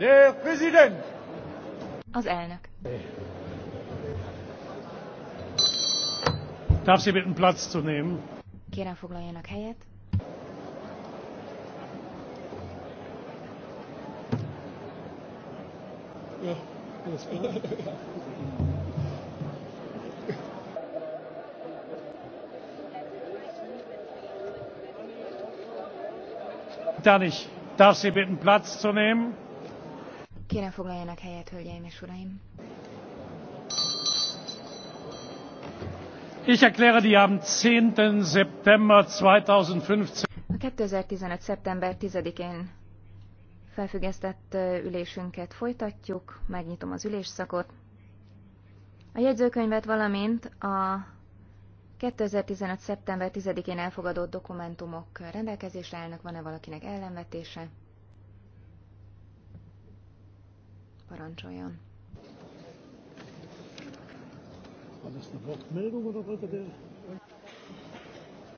Der Präsident! Az elnök. Darf Sie bitten Platz zu nehmen? Kérem foglaljanak helyet. Dann ich darf Sie bitten Platz zu nehmen. Kérem foglaljanak helyet, hölgyeim és uraim. Ich erkläre die am 10. September 2015 a 2015. szeptember 10-én felfüggesztett ülésünket folytatjuk, megnyitom az ülésszakot. A jegyzőkönyvet, valamint a 2015. szeptember 10-én elfogadott dokumentumok rendelkezésre állnak, van-e valakinek ellenvetése? parancsoljon. Ha ezt a Wortmeldung oder wollte